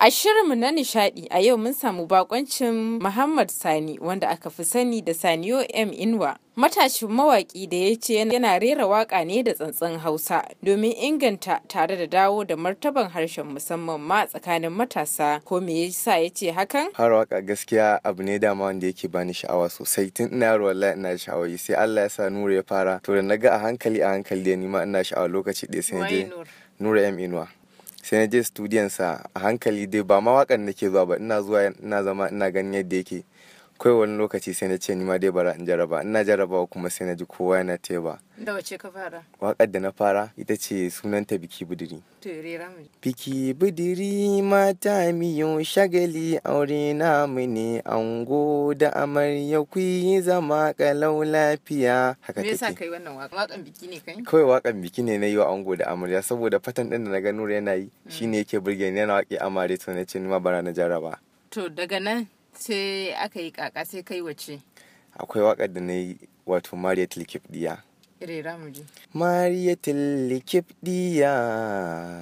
A shirinmu na nishaɗi a yau mun samu bakoncin Muhammad Sani wanda aka fi sani da Saniyo M Inwa. Matashin mawaki da ya ce yana rera waka ne da tsantsan Hausa domin inganta tare da dawo da martaban harshen musamman ma tsakanin matasa ko me yasa ya ce hakan? Har waka gaskiya abu ne dama wanda yake bani sha'awa sosai tun ina yaro wallahi ina sha'awa sai Allah ya sa nuru ya fara to da naga a hankali a hankali da nima ina sha'awa lokaci ɗaya sai dai Nura M Inuwa. sai na je studiyansa sa a hankali dai ba ma nake zuwa ba ina zuwa ina zama ina ganin yadda yake kai wani lokaci sai na ce ni ma dai bara in jaraba ina jaraba kuma sai na ji kowa yana teba da wace ka fara waƙar da na fara ita ce sunanta biki budiri biki budiri mata miyo shagali aure namu ne ango da amarya ku yi zama kalau lafiya haka take me yasa kai wannan waƙan biki ne kai kawai waƙan biki ne na yi wa ango da amarya saboda fatan ɗin da na ga nura yana yi mm. shine yake burge ni yana waƙe amare to na ce ni ma bara na jaraba to daga nan sai aka yi kaka sai kai wace akwai waƙar da na yi wato mariya diya Rera mu ji. Mariya diya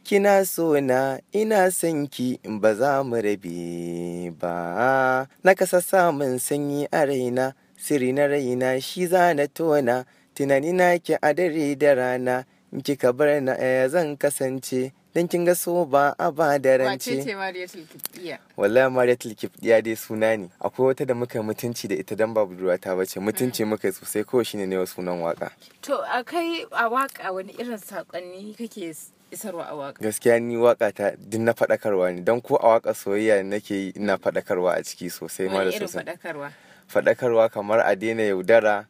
kina so na ina son ki ba za mu rabe ba na kasa samun sanyi a raina siri na raina shi za na tona tunani na ki a dare da rana kika bar na eh zan kasance dan kin ga so ba a ba da rance wace ce Mariyatul Kibdiya wallahi Mariyatul dai suna ne akwai wata da muka mutunci da ita dan ba ta bace mutunci mm. muka sosai ko shine ne sunan waka to akai a waka wani irin saƙonni kake isarwa a waka gaskiya ni waka ta din na faɗakarwa ne dan ko a waka soyayya nake yi ina faɗakarwa a ciki sosai ma da sosai faɗakarwa kamar a daina yaudara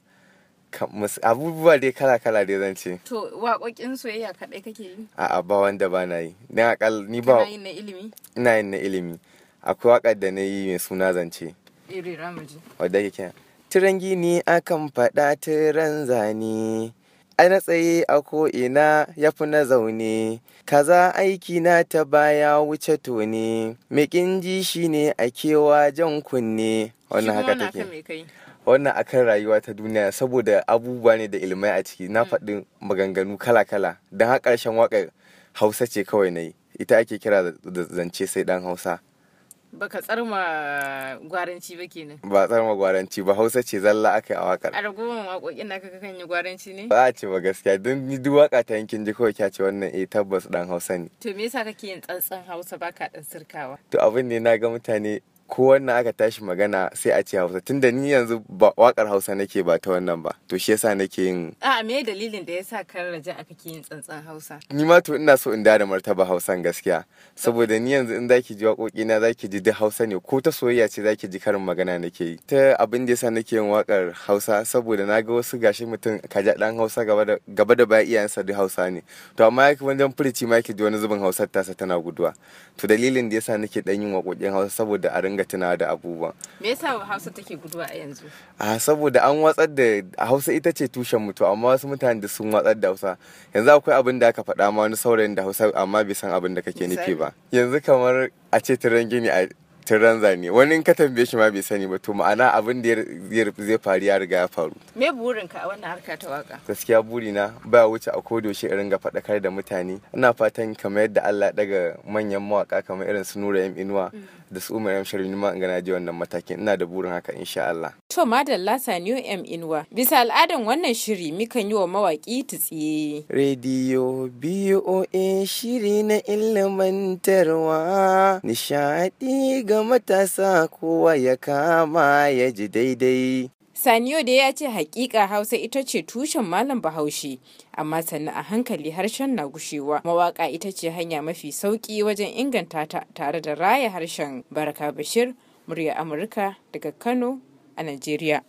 abubuwa dai kala-kala dai zan ce. To waƙoƙin soyayya kaɗai kake yi? A'a ba wanda ba na yi. Ni akal ni ba. Kana yin na ilimi? Ina yin na ilimi. Akwai waƙar da na yi mai suna zance. Iri ramaji. Wadda ke kenan. Tiran gini akan faɗa tiran zane. Ai na tsaye a ko'ina ya fi na zaune, kaza aiki na ta baya wuce tone, mikin ji shi ne a kewa jan kunne, wannan haka take. wannan akan rayuwa ta duniya saboda abubuwa ne da ilmai a ciki na mm. faɗi maganganu kala-kala don har ƙarshen waƙar hausa ce kawai na yi ita ake kira da zance sai ɗan hausa Ba tsar tsarma gwaranci ba kenan ba tsarma gwaranci ba hausa ce zalla aka yi a waƙar a ragowar waƙoƙin na kaka kan yi gwaranci ne ba a ce ba gaskiya don ni duk waƙa ta yankin ji kawai kya ce wannan eh tabbas ɗan hausa ne to me yasa kake yin tsantsan hausa ka ɗan sirkawa to abin ne na ga mutane ko wannan aka tashi magana sai a ce hausa tun da ni yanzu ba wakar hausa nake ba ta wannan ba to shi yasa nake yin a me dalilin da yasa kan raja aka ke yin tsantsan hausa ni ma to ina so in da martaba Hausa gaskiya saboda ni yanzu in zaki ji wakoki na zaki ji duk hausa ne ko ta soyayya ce zaki ji karin magana nake yi ta abin da yasa nake yin wakar hausa saboda na ga wasu gashi mutum kaja dan hausa gaba da gaba da baya iyayensa duk hausa ne to amma yake wajen furici ma yake ji wani zubin hausar tasa tana guduwa to dalilin da yasa nake dan yin wakokin hausa saboda a dinga tuna da abubuwan me yasa hausa take guduwa a yanzu Ah saboda an watsar da hausa ita ce tushen mutu amma wasu mutane da sun watsar da hausa yanzu akwai abin da aka faɗa ma wani saurayin da hausa amma bai san abin da kake nufi ba yanzu kamar a ce tiran gini a tiran zane wani in ka tambaye shi ma bai sani ba to ma'ana abin da zai faru ya riga ya faru me burinka a wannan harka ta waka gaskiya burina ba wuce a kodo shi irin ga faɗakar da mutane ina fatan kamar yadda Allah daga manyan mawaka kamar irin su Nura Yam Inuwa mm. da su umar yamshar ma in gana ji wannan matakin ina da burin haka insha Allah. To madalla Saniu M Inwa bisa al'adan wannan shiri mukan yi wa mawaki tsiye. Radio BOA shiri na ilmantarwa nishadi ga matasa kowa ya kama ya ji daidai. Saniyo da ya ce hakika Hausa ita ce tushen malam Bahaushe, amma sannan a hankali harshen na gushewa. Mawaka ita ce hanya mafi sauki wajen inganta ta tare da raya harshen. Baraka Bashir, murya Amurka daga Kano a Najeriya.